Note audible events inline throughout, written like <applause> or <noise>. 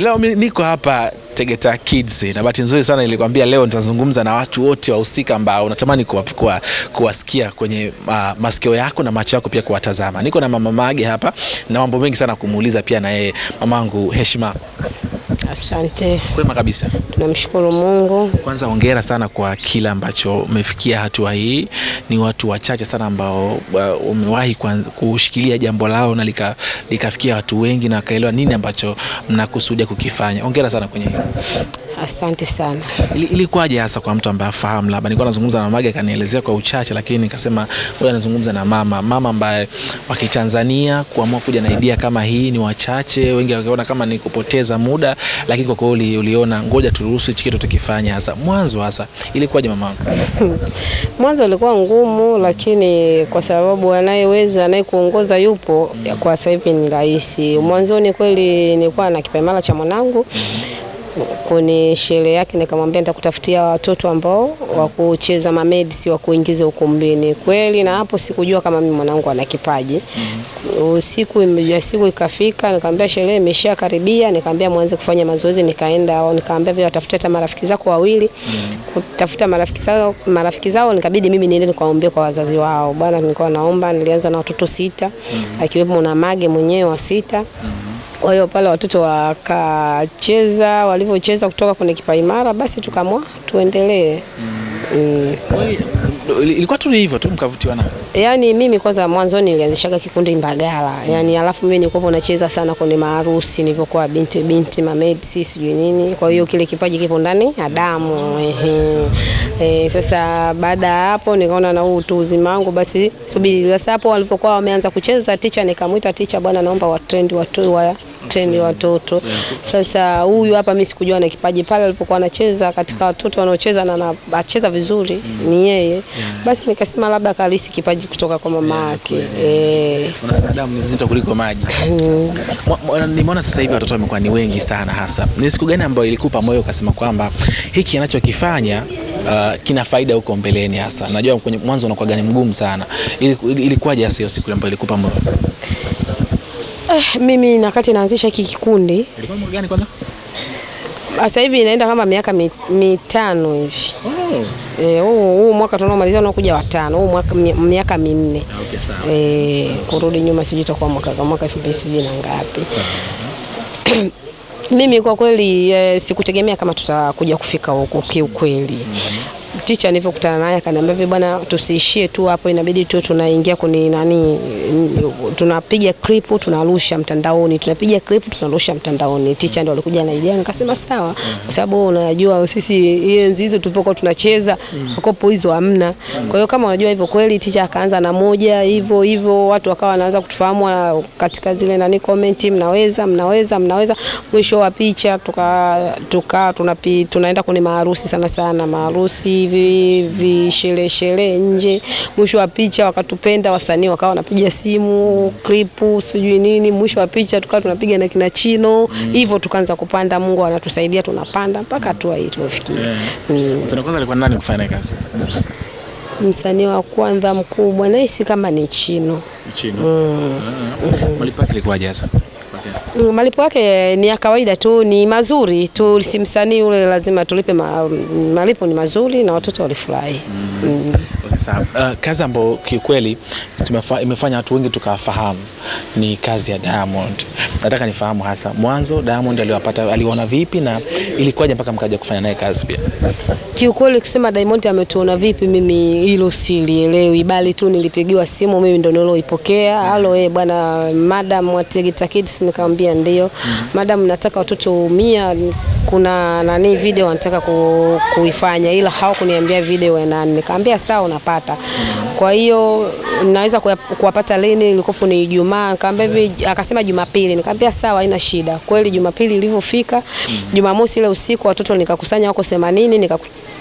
leo niko hapa Tegeta Kids na bahati nzuri sana nilikwambia leo nitazungumza na watu wote wahusika ambao unatamani kuwasikia kuwa, kuwa kwenye uh, masikio yako na macho yako pia kuwatazama. Niko na Mama Mage hapa na mambo mengi sana kumuuliza pia na yeye. Mamangu, heshima Asante. Kwema kabisa. Tunamshukuru Mungu. Kwanza hongera sana kwa kila ambacho umefikia hatua hii. Ni watu wachache sana ambao umewahi kushikilia jambo lao na likafikia lika watu wengi na wakaelewa nini ambacho mnakusudia kukifanya. Hongera sana kwenye hilo. Asante sana. Ilikuwaje hasa kwa mtu ambaye afahamu, labda nilikuwa nazungumza na Mage akanielezea kwa uchache, lakini nikasema ngoja nazungumza na mama, mama ambaye wa Kitanzania kuamua kuja na idea kama hii ni wachache, wengi wakiona kama ni kupoteza muda, lakini kwa kweli uliona ngoja turuhusu hichi kitu tukifanya. Hasa mwanzo, hasa ilikuwaje mama? <laughs> Mwanzo ulikuwa ngumu, lakini kwa sababu anayeweza anayekuongoza yupo, kwa sasa hivi ni rahisi. Mwanzoni kweli nilikuwa na kipaimara cha mwanangu mm-hmm kwenye sherehe yake, nikamwambia nitakutafutia watoto ambao wa kucheza mamedi, si wa kuingiza ukumbini. Kweli na hapo sikujua kama mimi mwanangu ana kipaji. Usiku imejua, siku ikafika, nikamwambia sherehe imeshakaribia, nikamwambia mwanze kufanya mazoezi. Nikaenda au nikamwambia vile watafuta hata marafiki zako wawili, kutafuta marafiki zao, marafiki zao, nikabidi mimi niende nikaombe kwa wazazi wao, bwana, nilikuwa naomba. Nilianza na watoto sita, akiwemo na mage mwenyewe wa sita. Mm -hmm. Kwa hiyo pale watoto wakacheza, walivyocheza kutoka kwenye kipaimara, basi tukamwa tuendelee. Mm. Mm. Ilikuwa tu hivyo tu mkavutiwa na. Yaani mimi kwanza mwanzoni nilianzishaga kikundi Mbagala. Mm. Yaani alafu mimi nilikuwa nacheza sana kwenye maharusi nilivyokuwa binti binti mamed sijui nini. Kwa hiyo mm. kile kipaji kipo ndani ya mm. damu. Eh, sasa baada ya hapo nikaona na huu utu uzima wangu basi subiri. Sasa hapo walipokuwa wameanza kucheza, ticha nikamwita ticha, bwana naomba trend watu wa teni mm. watoto. yeah. Sasa huyu hapa mimi sikujua na kipaji pale alipokuwa anacheza katika watoto wanaocheza na anacheza vizuri mm. ni yeye yeah. Basi nikasema labda kalisi kipaji kutoka kwa mama yake eh. Unasema damu ni nzito kuliko maji. Mm. Nimeona sasa hivi watoto wamekuwa ni wengi sana, hasa ni siku gani ambayo ilikupa moyo ukasema kwamba hiki anachokifanya uh, kina faida huko mbeleni? Hasa najua kwenye mwanzo unakuwa gani mgumu sana, ilikuwaje hasa hiyo siku ambayo ilikupa moyo? Eh, mimi nakati naanzisha hiki kikundi ah, sasa hivi inaenda kama miaka mitano hivi. Oh. Eh, huu mwaka tunaomaliza unakuja watano, huu mwaka miaka minne. Ah, okay, sawa. Eh, kurudi nyuma sijui itakuwa mwaka kama mwaka 2020 na ngapi. <clears throat> Mimi kwa kweli eh, sikutegemea kama tutakuja kufika huko kiukweli. Mm -hmm ticha nilivyokutana naye akaniambia hivi, bwana, tusiishie tu hapo, inabidi tu tunaingia kuni nani, tunapiga clip tunarusha mtandaoni, tunapiga clip tunarusha mtandaoni. Ticha ndio alikuja na idea, nikasema sawa, mm. kwa sababu unajua sisi enzi hizo tulipokuwa tunacheza makopo mm. hizo hamna. Kwa hiyo kama unajua hivyo kweli, ticha akaanza na moja hivyo hivyo, watu wakawa wanaanza kutufahamu katika zile nani comment, mnaweza mnaweza mnaweza, mwisho wa picha tuka tuka tunapi, tunaenda kwenye maharusi sana sana maharusi hivi vishereshere nje. Mwisho wa picha wakatupenda wasanii, wakawa wanapiga simu klipu, sijui nini. Mwisho wa picha tukawa tunapiga na kina Chino mm. hivyo mm. tukaanza kupanda, Mungu anatusaidia tunapanda mpaka hatua hii tumefikia. yeah. mm. Msanii wa kwanza alikuwa nani kufanya kazi? Msanii wa kwanza mkubwa nahisi kama ni Chino. Chino. Mm. Ah. Mm. Mlipa ilikuwaje hasa? yake? Mm, malipo yake ni ya kawaida tu, ni mazuri tu, si msanii ule lazima tulipe ma, mm, malipo ni mazuri na watoto walifurahi. mm -hmm. mm kabisa. Uh, kazi ambayo kiukweli imefanya watu wengi tukafahamu ni kazi ya Diamond. Nataka nifahamu hasa mwanzo Diamond aliwapata aliona vipi na ilikuwaje mpaka mkaja kufanya naye kazi pia? Kiukweli kusema Diamond ametuona vipi, mimi hilo silielewi, bali tu nilipigiwa simu, mimi ndo niloipokea. Halo eh bwana, madam wa Tegeta Kids, nikamwambia ndio. mm -hmm. Madam, nataka watoto mia kuna nani video wanataka ku, kuifanya ila hawakuniambia video ya nani, nikamwambia sawa tunapata. Kwa hiyo naweza kuwapata lini, ilikopo ni Ijumaa, nikamwambia hivi, akasema Jumapili. Nikamwambia sawa, haina shida. Kweli Jumapili ilivyofika, Jumamosi ile usiku watoto nikakusanya wako 80 nika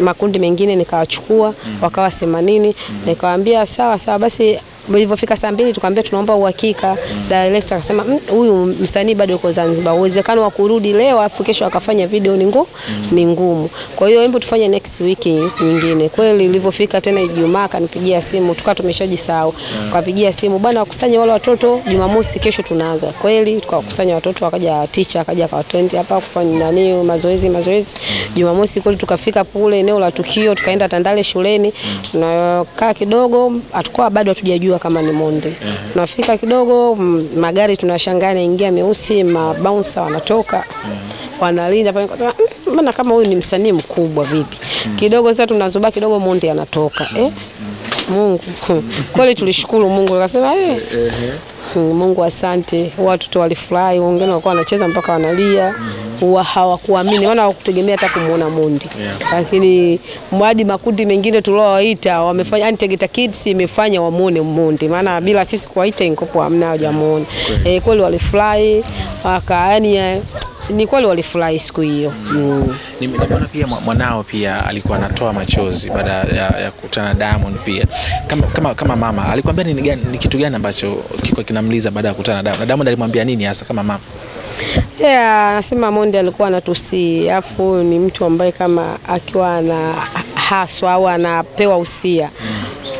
makundi mengine nikawachukua wakawa 80 nikawaambia sawa sawa basi Ilivyofika saa mbili tukamwambia tunaomba uhakika. Mm. Director akasema mm, huyu msanii bado yuko Zanzibar, uwezekano wa kurudi leo afu kesho akafanya video ni ngumu, mm. ni ngumu. Kwa hiyo hebu tufanye next week nyingine. Kweli ilivyofika tena Ijumaa akanipigia simu, tukawa tumeshajisahau. Akapigia simu bwana, wakusanye wale watoto Jumamosi, kesho tunaanza. Kweli tukawakusanya watoto, wakaja teacher akaja kwa 20 hapa kufanya nani mazoezi mazoezi. Jumamosi kweli tukafika pule eneo la tukio, tukaenda Tandale shuleni, na kaa kidogo, atakuwa bado hatujajua tunajua kama ni monde. Uh-huh. Nafika kidogo magari tunashangaa naingia meusi, mabouncer wanatoka. Uh-huh. Wanalinda pale kwa maana mm, kama huyu ni msanii mkubwa vipi? Uh-huh. Kidogo sasa tunazubaa kidogo monde anatoka. Uh-huh. Eh? Mungu <laughs> kweli tulishukuru Mungu, akasema eh, Mungu asante. Watoto walifurahi, wengine walikuwa wanacheza mpaka wanalia huwa hawakuamini, maana hawakutegemea hata kumuona Mundi yeah. Lakini mradi makundi mengine tuliowaita wamefanya, yani Tegeta Kids imefanya wamuone Mundi, maana bila sisi kuwaita inkopo hamna hawajamuona okay. E, eh, kweli walifurahi waka yani eh, ni kweli walifurahi siku hiyo mm. Nimeona pia mwanao pia alikuwa anatoa machozi baada ya, ya kukutana Diamond pia kama, kama, kama mama alikwambia ni, ni kitu gani ambacho kiko kinamliza baada ya kukutana na Diamond? Diamond alimwambia nini hasa kama mama? Yeah, anasema Monde alikuwa anatusi, alafu huyu ni mtu ambaye kama akiwa ana haswa au anapewa usia mm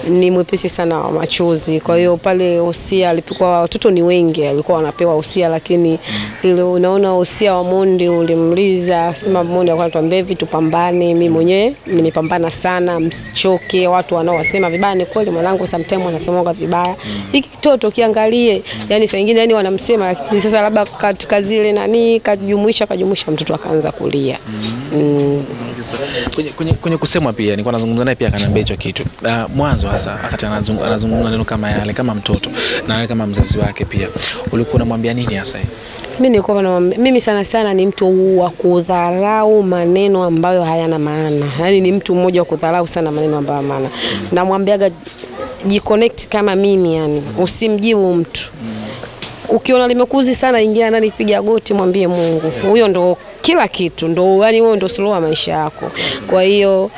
ni mwepesi sana wa machozi. Kwa hiyo mm. pale usia alipokuwa watoto ni wengi, alikuwa anapewa usia, lakini mm. ile unaona usia wa Mondi ulimliza sema Mondi alikuwa anatuambia hivi, tupambane. Mimi mm. mwenyewe nimepambana sana, msichoke. Watu wanaowasema vibaya, ni kweli mwanangu sometimes wanasemonga vibaya, hiki kitoto kiangalie, yani saa nyingine yani wanamsema, lakini sasa labda katika zile nani kajumuisha kajumuisha, mtoto akaanza kulia mm. Kwenye, kwenye, kwenye kusema pia nilikuwa nazungumza naye pia akaniambia hicho kitu uh, mwanzo sasa wakati anazungumza neno kama yale, kama mtoto na wewe kama mzazi wake pia, ulikuwa unamwambia nini hasa? Mimi nilikuwa namwambia, mimi sana sana ni mtu wa kudharau maneno ambayo hayana maana, yaani ni mtu mmoja wa kudharau sana maneno ambayo hayana maana. Mm. Namwambiaga jiconnect kama mimi, yani mm. usimjibu mtu mm. Ukiona limekuzi sana, ingia ndani, piga goti, mwambie Mungu. Huyo yeah. Ndo kila kitu, ndo yani, wewe ndo suluhu ya maisha yako. Kwa hiyo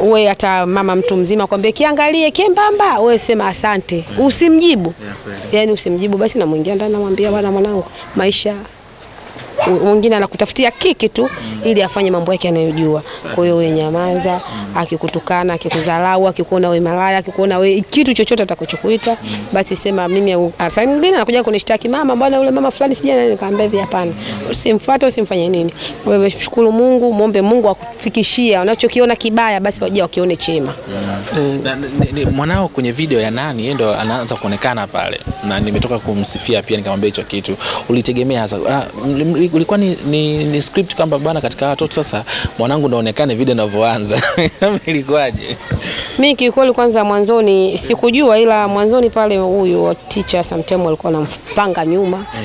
we hata mama mtu mzima kwambie kiangalie kiembamba, we sema asante, usimjibu yani usimjibu basi. Namwingia ndani namwambia, bwana mwanangu, maisha mwingine anakutafutia kiki tu ili afanye mambo yake anayojua. Kwa hiyo wewe nyamaza, akikutukana, akikuzalau, akikuona wewe malaya, akikuona wewe kitu chochote atakuchokuita, basi sema mimi. asa ah, mwingine anakuja kunishtaki, mama, bwana yule mama fulani sija nani, nikamwambia hivi, hapana, usimfuate usimfanye nini. Wewe shukuru Mungu, muombe Mungu akufikishia unachokiona kibaya, basi waje wakione chema. Mm. Mwanao kwenye video ya nani, yeye ndo anaanza kuonekana pale, na nimetoka kumsifia pia nikamwambia hicho kitu ulitegemea ah, ilikuwa ni, ni, ni script kwamba bana, katika watoto sasa mwanangu naonekane vile ninavyoanza <laughs> ilikuwaje? Mimi kiukweli, kwanza mwanzoni sikujua, ila mwanzoni pale huyu teacher sometimes alikuwa anampanga nyuma mhm.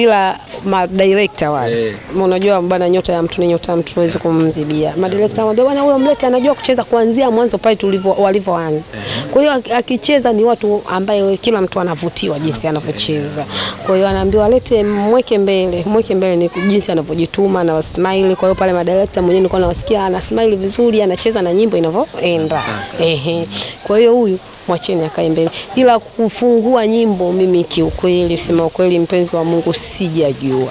ila ma director wale mm. unajua bana, nyota ya mtu ni nyota ya mtu, huwezi kumzibia. Ma director wanambia bana, huyo mlete, anajua kucheza kuanzia mwanzo pale tulivyo walivyoanza. Eh. Kwa hiyo akicheza ni watu ambaye kila mtu anavutiwa jinsi anavyocheza. Eh. Kwa hiyo anaambiwa lete, mweke mbele, mweke mbele ni jinsi anavyojituma na wasmile. Kwa hiyo pale madirekta mwenyewe nilikuwa nawasikia ana smile vizuri, anacheza na nyimbo inavyoenda. Ehe, kwa hiyo huyu mwacheni akae mbele, ila kufungua nyimbo mimi kiukweli, sema ukweli, mpenzi wa Mungu, sijajua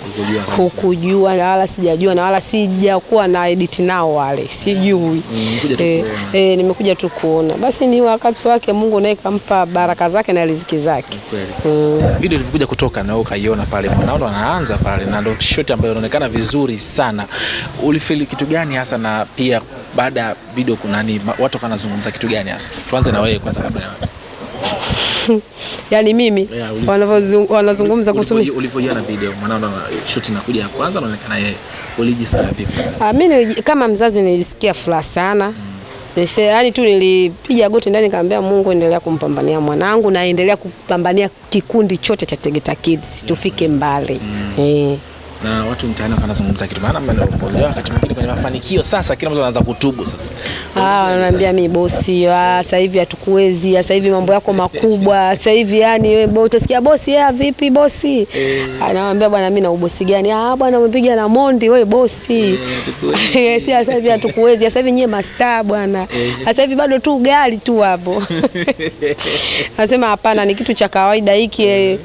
hukujua, na wala sijajua na wala sijakuwa na edit nao wale, sijui mm, eh, eh, nimekuja tu kuona. Basi ni wakati wake Mungu naye kampa baraka zake na riziki zake. Mm. Video ilivyokuja kutoka na ukaiona pale, mwanao anaanza pale, na ndio shot ambayo inaonekana vizuri sana. Ulifeel kitu gani hasa na pia baada ya video kuna nini, watu wanazungumza kitu gani hasa? Tuanze na wewe kwanza kabla ya watu. <laughs> Yaani mimi yeah, wanazungumza kuhusu mimi. ulipoiona video mwanao shoot inakuja ya kwanza anaonekana yeye, ulijisikia vipi? Ah, mimi kama mzazi nilisikia furaha sana mm. Nise, yani tu nilipiga goti ndani nikamwambia Mungu endelea kumpambania mwanangu na endelea kupambania kikundi chote cha Tegeta Kids mm. tufike mbali mm. eh na watu mtaani wanazungumza kitu, maana mnaokuja wakati mwingine kwenye mafanikio. Sasa kila mtu anaanza kutubu sasa, ah, wananiambia mimi bosi, ah, sasa hivi hatukuwezi, ah, sasa hivi mambo yako makubwa, ah, sasa hivi yani wewe bosi, utasikia bosi, yeye eh, vipi bosi, eh. anawaambia bwana, mimi na ubosi gani? Ah bwana, umepiga na mondi wewe bosi, eh, <laughs> sasa hivi hatukuwezi, sasa hivi nyewe mastaa bwana, sasa hivi bado tu gari tu hapo. <laughs> Nasema hapana, ni kitu cha kawaida hiki,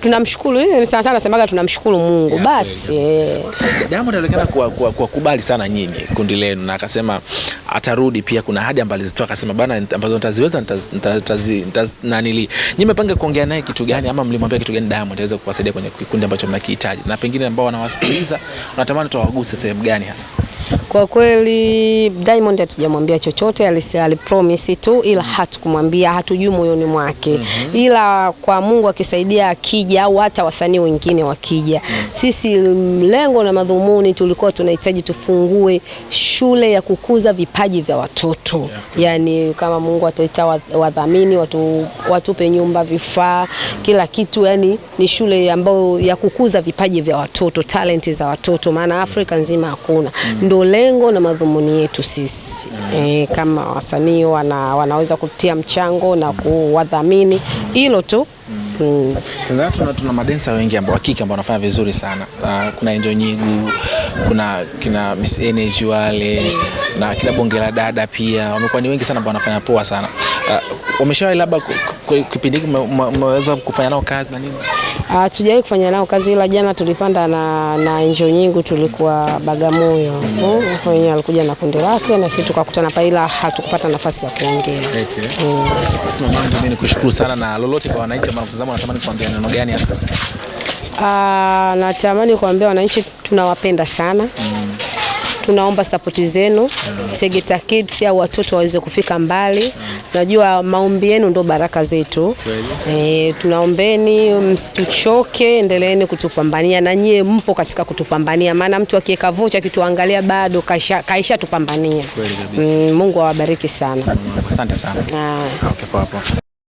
tunamshukuru sana sana, semaga tunamshukuru Mungu basi basi. Diamond alionekana kuwa kubali sana nyinyi kundi lenu, na akasema atarudi pia. Kuna ahadi ambazo alizitoa akasema bana, ambazo nitaziweza nanili. Nyinyi mmepanga kuongea naye kitu gani, ama mlimwambia kitu gani Diamond aweze kuwasaidia kwenye kikundi ambacho mnakihitaji, na pengine ambao wanawasikiliza wanatamani tuwaguse sehemu gani hasa? Kwa kweli Diamond hatujamwambia chochote, alipromise tu, ila mm. hatukumwambia, hatujui moyoni mwake mm -hmm. Ila kwa Mungu akisaidia, akija au hata wasanii wengine wakija mm -hmm. Sisi lengo na madhumuni tulikuwa tunahitaji tufungue shule ya kukuza vipaji vya watoto yeah. Yani kama Mungu ataita wadhamini watu, watupe nyumba, vifaa, kila kitu, yani ni shule ambayo ya kukuza vipaji vya watoto, talenti za watoto, maana Afrika nzima hakuna mm -hmm. Ndio malengo na madhumuni yetu sisi e, kama wasanii wana, wanaweza kutia mchango na mm. kuwadhamini hilo tu. Mm. mm. tuna, tuna madensa wengi ambao hakika ambao wanafanya vizuri sana. Uh, kuna Enjo Nyigu, kuna kina Miss Energy wale na kina bonge la dada pia wamekuwa ni wengi sana ambao wanafanya poa sana. Uh, wameshawahi labda kipindi hiki mmeweza kufanya nao kazi na nini? Hatujawahi ah, Uh, kufanya nao kazi ila jana tulipanda na, na enjo nyingi tulikuwa Bagamoyo. mm. Wenyewe alikuja na kundi lake na sisi tukakutana pale ila hatukupata nafasi ya kuongea. Eh? Mm. Sasa mamangu, mimi nikushukuru sana na lolote kwa wananchi ambao wanatazama, natamani kuambia neno gani hasa? Ah, natamani kuambia wananchi tunawapenda sana. Mm tunaomba sapoti zenu Tegeta Kids au watoto waweze kufika mbali. Najua maombi yenu ndo baraka zetu. E, tunaombeni msituchoke, endeleeni kutupambania na nyie mpo katika kutupambania, maana mtu akiweka vocha akituangalia bado kaisha, kaisha tupambania. Mm, Mungu awabariki sana. Asante sana. Ah. Okay,